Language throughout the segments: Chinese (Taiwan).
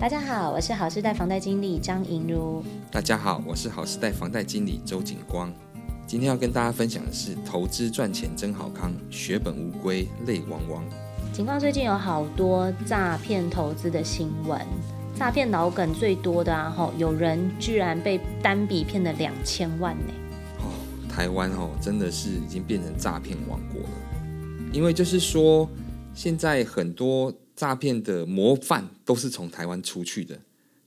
大家好，我是好事貸房貸經理張瑩如。大家好，我是好事貸房貸經理周景光。今天要跟大家分享的是投資賺錢真好康，血本無歸淚汪汪。景光最近有好多詐騙投資的新聞，詐騙老梗最多的啊，吼，有人居然被單筆騙了兩千萬呢。哦，台灣哦，真的是已經變成詐騙王國了。因為就是說，現在很多。詐騙的模範都是從台灣出去的，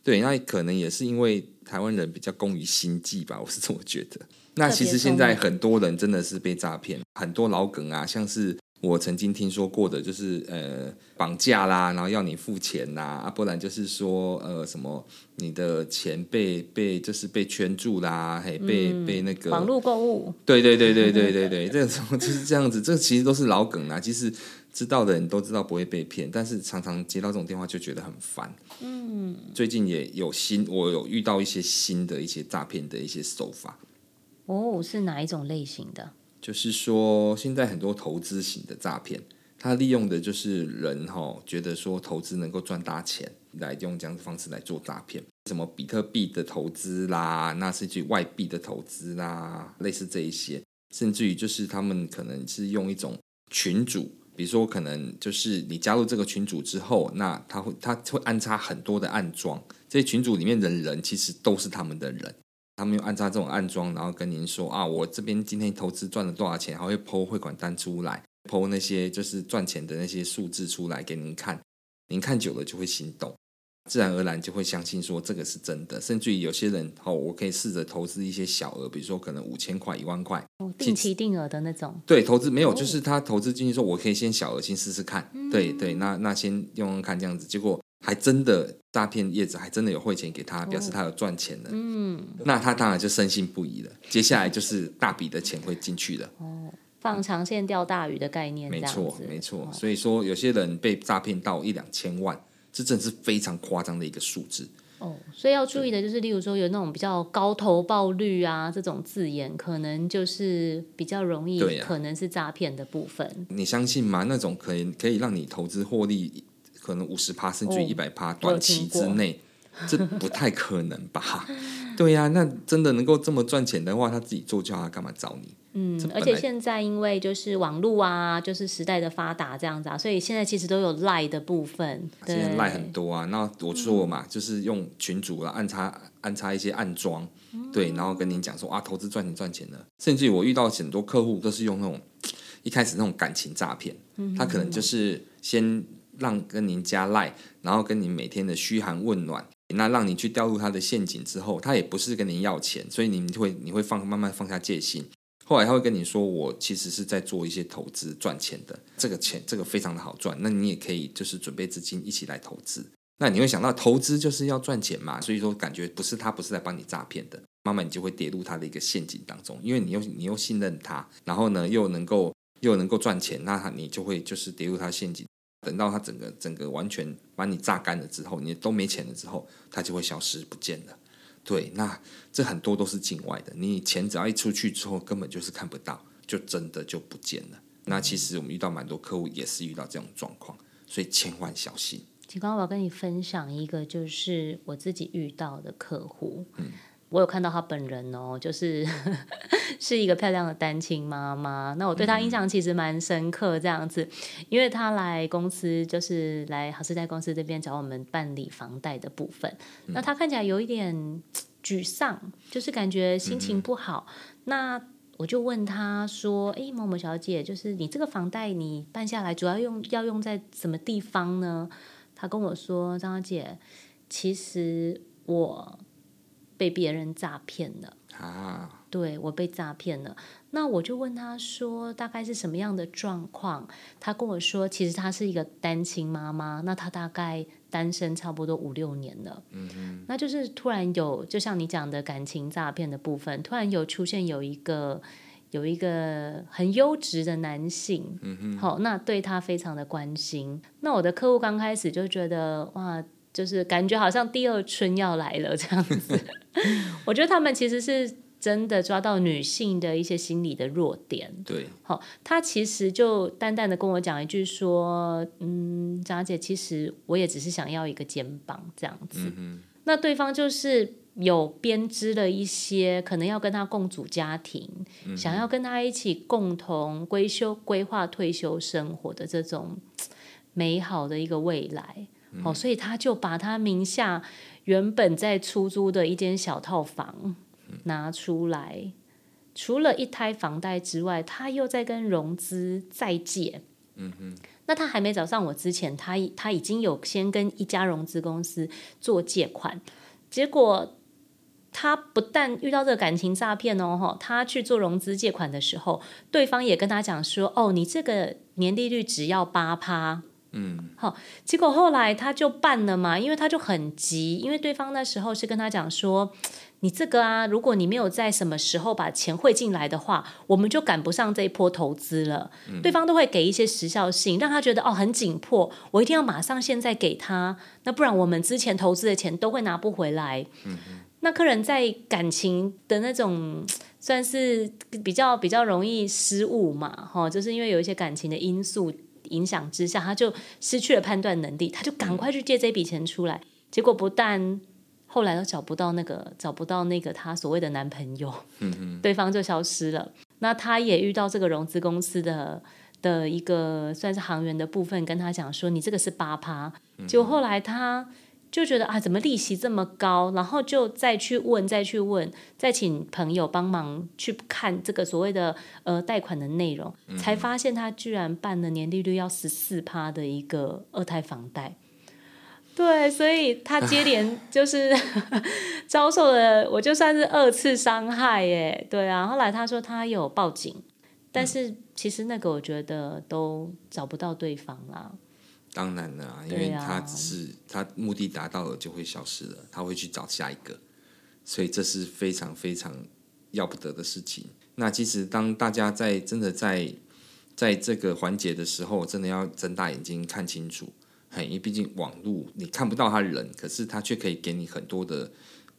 對，那可能也是因為台灣人比較工於心計吧，我是這麼覺得。那其實現在很多人真的是被詐騙，很多老梗啊，像是我曾經聽說過的，就是呃綁架啦，然後要你付錢吶，啊、不然就是說呃什麼你的錢被被就是被圈住啦，嘿，被、嗯、被那個網絡購物，對對對對對對對，對，對，這種就是這樣子， 這其實都是老梗啊，其實。知道的人都知道不會被騙，但是常常接到這種電話就覺得很煩。嗯，最近也有新，我有遇到一些新的一些詐騙的一些手法。哦，是哪一種類型的？就是說現在很多投資型的詐騙，他利用的就是人哈、哦，覺得說投資能夠賺大錢，來用這樣的方式來做詐騙，什麼比特幣的投資啦，那是一些外幣的投資啦，類似這一些，甚至於就是他們可能是用一種群主。比如說，可能就是你加入這個群組之後，那他會他會安插很多的暗樁，這些群組裡面的人其實都是他們的人，他們用安插這種暗樁，然後跟您說啊，我這邊今天投資賺了多少錢，還會 po 匯款單出來，po 那些就是賺錢的那些數字出來給您看，您看久了就會心動，自然而然就會相信說這個是真的，甚至於有些人哦，我可以試着投資一些小額，比如說可能五千塊、一萬塊，哦，定期定額的那種。對，投資沒有、哦，就是他投資進去說，我可以先小額先試試看。嗯、對對，那那先用用看這樣子，結果還真的詐騙業者，還真的有匯錢給他、哦，表示他有賺錢了。嗯，那他當然就深信不疑了。接下來就是大筆的錢會進去的。哦，放長線釣大魚的概念，沒錯沒錯、哦。所以說有些人被詐騙到一兩千萬。這真的是非常誇張的一個數字哦，oh, 所以要注意的就是，例如說有那種比較高投報率啊這種字眼，可能就是比較容易，啊，可能是詐騙的部分。你相信嗎？那種可以可以讓你投資獲利，可能五十趴甚至一百趴短期之內，這不太可能吧？ 對呀、啊，那真的能夠這麼賺錢的話，他自己做就好，他幹嘛找你？嗯，而且現在因為就是網絡啊，就是時代的發達這樣子啊，所以現在其實都有 LINE 的部分，現在 LINE 很多啊。那我說我嘛、嗯，就是用群組啊安插安插一些暗樁、嗯、對，然後跟您講說啊，投資賺錢賺錢的。甚至於我遇到很多客戶都是用那種一開始那種感情詐騙，他可能就是先讓跟您加 LINE，然後跟您每天的噓寒問暖。那讓你去掉入他的陷阱之後，他也不是跟你要錢，所以你就會你會放慢慢放下戒心。後來他會跟你說，我其實是在做一些投資賺錢的，這個錢這個非常的好賺，那你也可以就是準備資金一起來投資。那你會想到投資就是要賺錢嘛，所以說感覺不是他不是在幫你詐騙的，慢慢你就會跌入他的一個陷阱當中，因為你又你又信任他，然後呢又能夠又能夠賺錢，那你就會就是跌入他的陷阱。等到他整個整個完全把你榨乾了之後，你都沒錢了之後，他就會消失不見了。對，那這很多都是境外的，你錢只要一出去之後，根本就是看不到，就真的就不見了。那其實我們遇到蠻多客戶也是遇到這種狀況，所以千萬小心。秦、嗯、光，我要跟你分享一個，就是我自己遇到的客戶。嗯。我有看到她本人哦，就是 是一個漂亮的單親媽媽。那我對她印象其實蠻深刻，這樣子，嗯、因為她來公司就是來好事貸公司這邊找我們辦理房貸的部分。嗯、那她看起來有一點沮喪，就是感覺心情不好。嗯、那我就問她說：“哎、欸，某某小姐，就是你這個房貸你辦下來，主要用要用在什麼地方呢？”她跟我說：“張小姐，其實我。”被別人詐騙了啊！對我被詐騙了，那我就問他說大概是什麼樣的狀況？他跟我說，其實他是一個單親媽媽，那他大概單身差不多五六年了。嗯哼，那就是突然有，就像你講的感情詐騙的部分，突然有出現有一個有一個很優質的男性，嗯哼，好，那對他非常的關心。那我的客戶剛開始就覺得哇。就是感覺好像第二春要來了這樣子 我覺得他們其實是真的抓到女性的一些心理的弱點。對，好、哦，他其實就淡淡的跟我講一句說：“嗯，張姐，其實我也只是想要一個肩膀這樣子。嗯”那對方就是有編織了一些可能要跟他共組家庭，嗯、想要跟他一起共同規修、規劃退休生活的這種美好的一個未來。哦，所以他就把他名下原本在出租的一間小套房拿出來，除了一胎房貸之外，他又在跟融資再借。嗯哼，那他還沒找上我之前，他他已經有先跟一家融資公司做借款。結果他不但遇到這個感情詐騙哦，他去做融資借款的時候，對方也跟他講說：“哦，你這個年利率只要八趴。”嗯，好，結果後來他就辦了嘛，因為他就很急，因為對方那時候是跟他講說，你這個啊，如果你沒有在什麼時候把錢匯進來的話，我們就趕不上這一波投資了。嗯、對方都會給一些時效性，讓他覺得哦很緊迫，我一定要馬上現在給他，那不然我們之前投資的錢都會拿不回來。嗯、那客人在感情的那種算是比較比較容易失誤嘛，哈、哦，就是因為有一些感情的因素。影響之下，他就失去了判斷能力，他就趕快去借這筆錢出來，嗯。結果不但後來都找不到那個，找不到那個他所謂的男朋友，嗯，對方就消失了。那他也遇到這個融資公司的的一個算是行員的部分，跟他講說：“你這個是八趴。”就後來他。就覺得啊，怎麼利息這麼高？然後就再去問，再去問，再請朋友幫忙去看這個所謂的呃貸款的內容，才發現他居然辦了年利率要十四趴的一個二胎房貸。對，所以他接連就是、啊、 遭受了，我就算是二次傷害耶。對啊，後來他說他有報警，但是其實那個我覺得都找不到對方啦。當然了、啊，因為他只是、啊、他目的達到了就會消失了，他會去找下一個，所以這是非常非常要不得的事情。那其實當大家在真的在在這個環節的時候，真的要睜大眼睛看清楚，因為畢竟網絡你看不到他人，可是他卻可以給你很多的。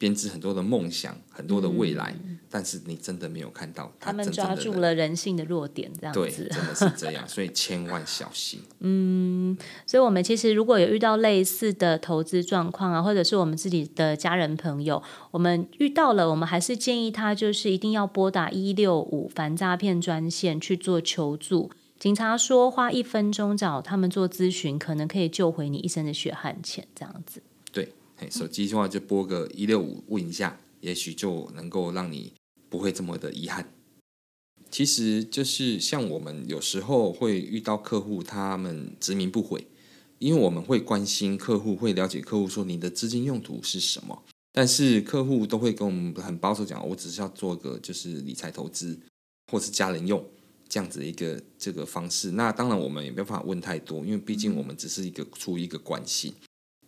編織很多的夢想，很多的未來，嗯，但是你真的沒有看到。他們抓住了人性的弱點，這樣子。對，真的是這樣， 所以千萬小心。嗯，所以我們其實如果有遇到類似的投資狀況啊，或者是我們自己的家人朋友，我們遇到了，我們還是建議他就是一定要撥打一六五反詐騙專線去做求助。警察說，花一分鐘找他們做諮詢，可能可以救回你一生的血汗錢，這樣子。對。手機的話就撥個一六五問一下，也許就能夠讓你不會這麼的遺憾。其實就是像我們有時候會遇到客戶，他們執迷不悔，因為我們會關心客戶，會了解客戶說你的資金用途是什麼。但是客戶都會跟我們很保守講，我只是要做個就是理財投資，或是家人用這樣子一個這個方式。那當然我們也沒有辦法問太多，因為畢竟我們只是一個出於一個關係。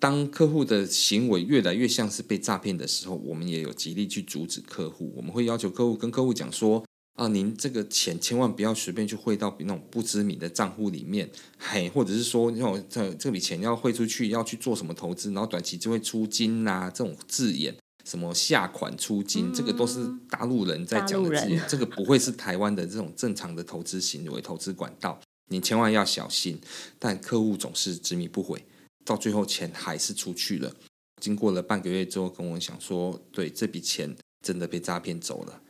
當客戶的行為越來越像是被詐騙的時候，我們也有極力去阻止客戶。我們會要求客戶跟客戶講說：“啊，您這個錢千萬不要隨便去匯到比那種不知名的賬戶裡面，嘿，或者是說，要這這筆錢要匯出去，要去做什麼投資，然後短期就會出金啦、啊，這種字眼，什麼下款出金，嗯、這個都是大陸人在講的字眼，這個不會是台灣的這種正常的投資行為、投資管道，你千萬要小心。但客戶總是執迷不悔。”到最後錢還是出去了。經過了半個月之後，跟我想說，對，這筆錢真的被詐騙走了。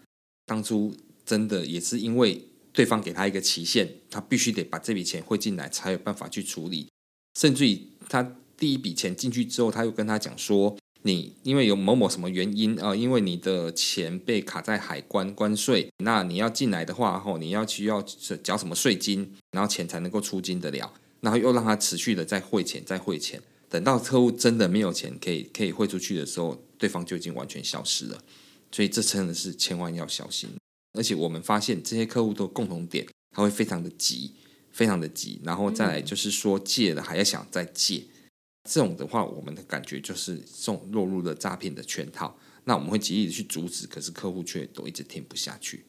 當初真的也是因為對方給他一個期限，他必須得把這筆錢匯進來才有辦法去處理。甚至於他第一筆錢進去之後，他又跟他講說，你因為有某某什麼原因啊，呃，因為你的錢被卡在海關關稅，那你要進來的話吼，你要需要繳什麼稅金，然後錢才能夠出金得了。然後又讓他持續的再匯錢，再匯錢，等到客戶真的沒有錢可以可以匯出去的時候，對方就已經完全消失了。所以這真的是千萬要小心。而且我們發現這些客戶都共同點，他會非常的急，非常的急。然後再來就是說借了還要想再借，嗯、這種的話，我們的感覺就是這種落入了詐騙的圈套。那我們會極力的去阻止，可是客戶卻都一直聽不下去。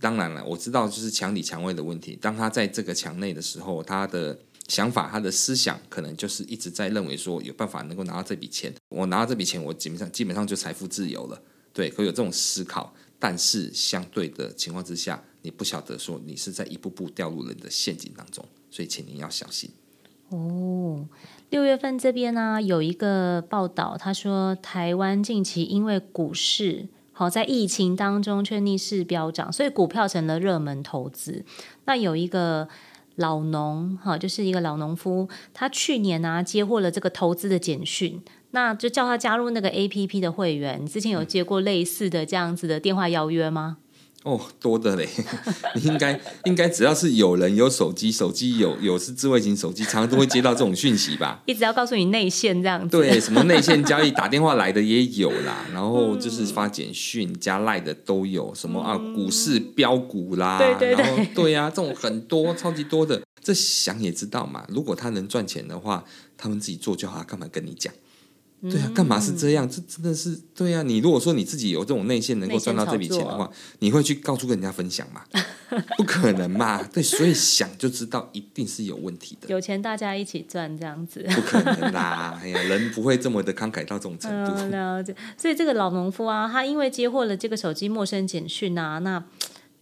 當然了，我知道就是牆裡牆外的問題。當他在這個牆內的時候，他的。想法，他的思想可能就是一直在認為說有辦法能夠拿到這筆錢，我拿到這筆錢，我基本上基本上就財富自由了，對，可以有這種思考。但是相對的情況之下，你不曉得說你是在一步步掉入了你的陷阱當中，所以請您要小心。哦，六月份這邊呢、啊、有一個報道，他說台灣近期因為股市好在疫情當中卻逆勢飆漲，所以股票成了熱門投資。那有一個。老農哈，就是一個老農夫，他去年啊，接獲了這個投資的簡訊，那就叫他加入那個 APP 的會員。你之前有接過類似的這樣子的電話邀約嗎？哦，多的嘞，你應該應該只要是有人有手機，手機有有是智慧型手機，常常都會接到這種訊息吧。一直要告訴你內線這樣子，對，什麼內線交易 打電話來的也有啦，然後就是發簡訊加賴的都有，什麼啊、嗯、股市標股啦，對對對然後對呀、啊，這種很多超級多的，這想也知道嘛，如果他能賺錢的話，他們自己做就好，他幹嘛跟你講？對呀、啊，幹嘛是這樣？嗯、這真的是對呀、啊。你如果說你自己有這種內線，能夠賺到這筆錢的話，你會去告訴跟人家分享嘛？不可能嘛？ 對，所以想就知道一定是有問題的。有錢大家一起賺，這樣子不可能啦！ 哎呀，人不會這麼的慷慨到這種程度。了解，所以這個老農夫啊，他因為接獲了這個手機陌生簡訊啊，那。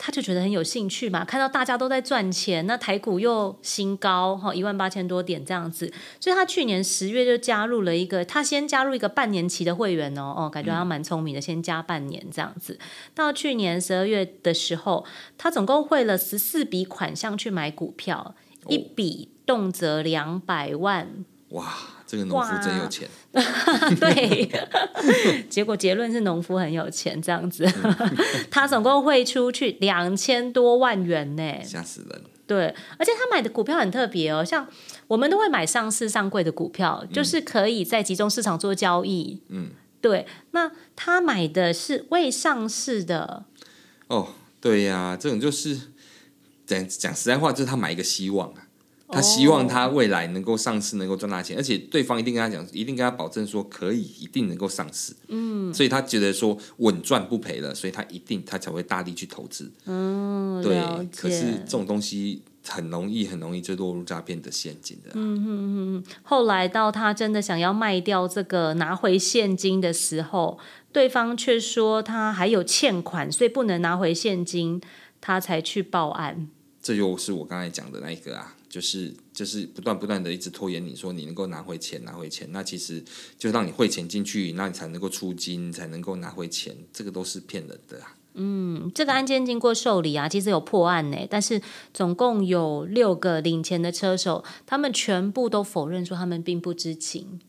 他就覺得很有興趣嘛，看到大家都在賺錢，那台股又新高，哈、哦，一萬八千多點這樣子，所以他去年十月就加入了一個，他先加入一個半年期的會員哦，哦，感覺他蠻聰明的、嗯，先加半年這樣子。到去年十二月的時候，他總共匯了十四筆款項去買股票，哦、一筆動輒兩百萬，哇！這個農夫真有錢， 對， 結果結論是農夫很有錢，這樣子，嗯、 他總共匯出去兩千多萬元呢，嚇死人。對，而且他買的股票很特別哦，像我們都會買上市上櫃的股票，嗯、就是可以在集中市場做交易。嗯，對，那他買的是未上市的。哦，對呀、啊，這種、個、就是講講實在話，就是他買一個希望哦、他希望他未來能夠上市，能夠賺大錢，而且對方一定跟他講，一定跟他保證說可以，一定能夠上市。嗯，所以他覺得說穩賺不賠了，所以他一定他才會大力去投資。嗯，對。可是這種東西很容易，很容易就落入詐騙的陷阱的、啊。嗯嗯嗯嗯。後來到他真的想要賣掉這個拿回現金的時候，對方卻說他還有欠款，所以不能拿回現金，他才去報案。這就是我剛才講的那一個啊。就是就是不斷不斷的一直拖延，你說你能夠拿回錢拿回錢，那其實就讓你匯錢進去，那你才能夠出金，才能夠拿回錢，這個都是騙人的啊。嗯，這個案件經過受理啊，其實有破案呢、欸，但是總共有六個領錢的車手，他們全部都否認說他們並不知情。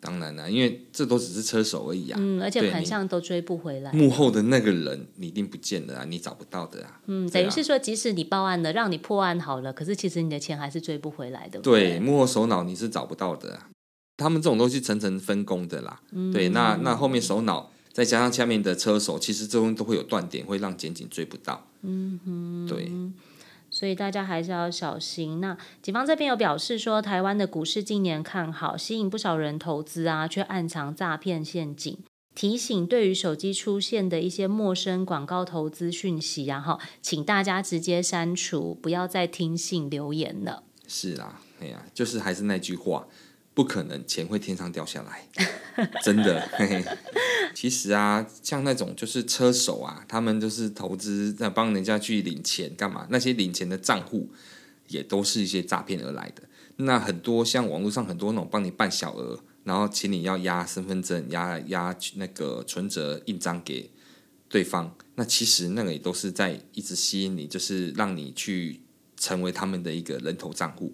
當然啦、啊，因為這都只是車手而已啊。嗯，而且款項都追不回來。幕後的那個人你一定不見了啊，你找不到的啊。嗯，等於是說、啊，即使你報案了，讓你破案好了，可是其實你的錢還是追不回來的。對，對幕後首腦你是找不到的、啊，他們這種東西層層分工的啦。嗯、哼哼對，那那後面首腦再加上下面的車手，其實這種都會有斷點，會讓檢警追不到。嗯哼，對。所以大家還是要小心。那警方這邊有表示說，台灣的股市近年看好，吸引不少人投資啊，卻暗藏詐騙陷阱。提醒對於手機出現的一些陌生廣告投資訊息啊，然後請大家直接刪除，不要再聽信留言了。是啦、啊，哎呀、啊，就是還是那句話。不可能，錢會天上掉下來，真的嘿嘿。其實啊，像那種就是車手啊，他們就是投資在幫人家去領錢幹嘛？那些領錢的賬戶，也都是一些詐騙而來的。那很多像網絡上很多那種幫你辦小額，然後請你要押身份證、押押那個存折印章給對方，那其實那個也都是在一直吸引你，就是讓你去成為他們的一個人頭賬戶。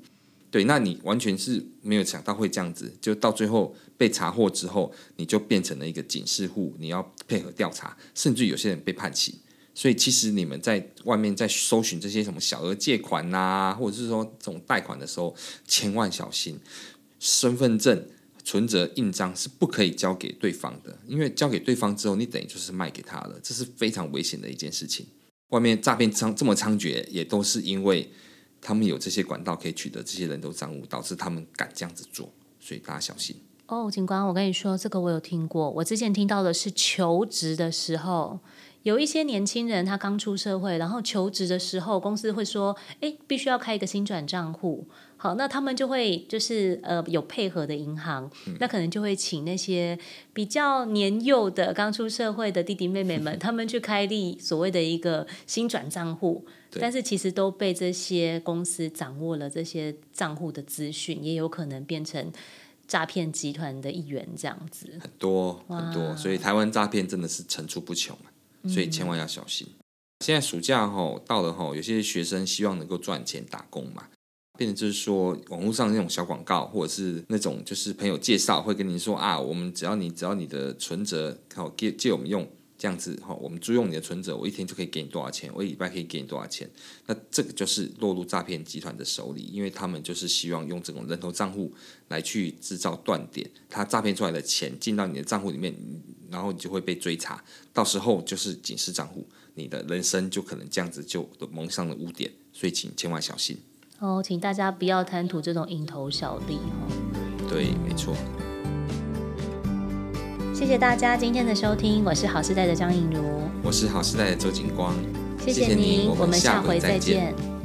對，那你完全是沒有想到會這樣子，就到最後被查獲之後，你就變成了一個警示戶，你要配合調查，甚至有些人被判刑。所以，其實你們在外面在搜尋這些什麼小額借款吶、啊，或者是說這種貸款的時候，千萬小心，身份證、存折、印章是不可以交給對方的，因為交給對方之後，你等於就是賣給他了，這是非常危險的一件事情。外面詐騙猖這麼猖獗，也都是因為。他們有這些管道可以取得這些人頭帳戶，導致他們敢這樣子做，所以大家小心。哦，警官，我跟你說，這個我有聽過，我之前聽到的是求職的時候。有一些年輕人，他剛出社會，然後求職的時候，公司會說：“哎，必須要開一個薪轉賬戶。”好，那他們就會就是呃有配合的銀行、嗯，那可能就會請那些比較年幼的、剛出社會的弟弟妹妹們，他們去開立所謂的一個薪轉賬戶。 但是其實都被這些公司掌握了這些賬戶的資訊，也有可能變成詐騙集團的一員，這樣子很多很多，所以台灣詐騙真的是層出不窮、啊。所以千萬要小心。嗯嗯，現在暑假吼、哦、到了吼、哦，有些學生希望能夠賺錢打工嘛，變成就是說網絡上那種小廣告，或者是那種就是朋友介紹會跟你說啊，我們只要你只要你的存折，好、哦、借借我們用，這樣子吼、哦，我們租用你的存折，我一天就可以給你多少錢，我一禮拜可以給你多少錢。那這個就是落入詐騙集團的手裡，因為他們就是希望用這種人頭賬戶來去制造斷點，他詐騙出來的錢進到你的賬戶裡面。然後你就會被追查，到時候就是警示賬戶你的人生就可能這樣子就蒙上了污點，所以請千萬小心哦，請大家不要貪圖這種蠅頭小利哈、哦。對，沒錯。謝謝大家今天的收聽，我是好事貸的張穎如，我是好事貸的周景光謝謝，謝謝您，我們下回再見。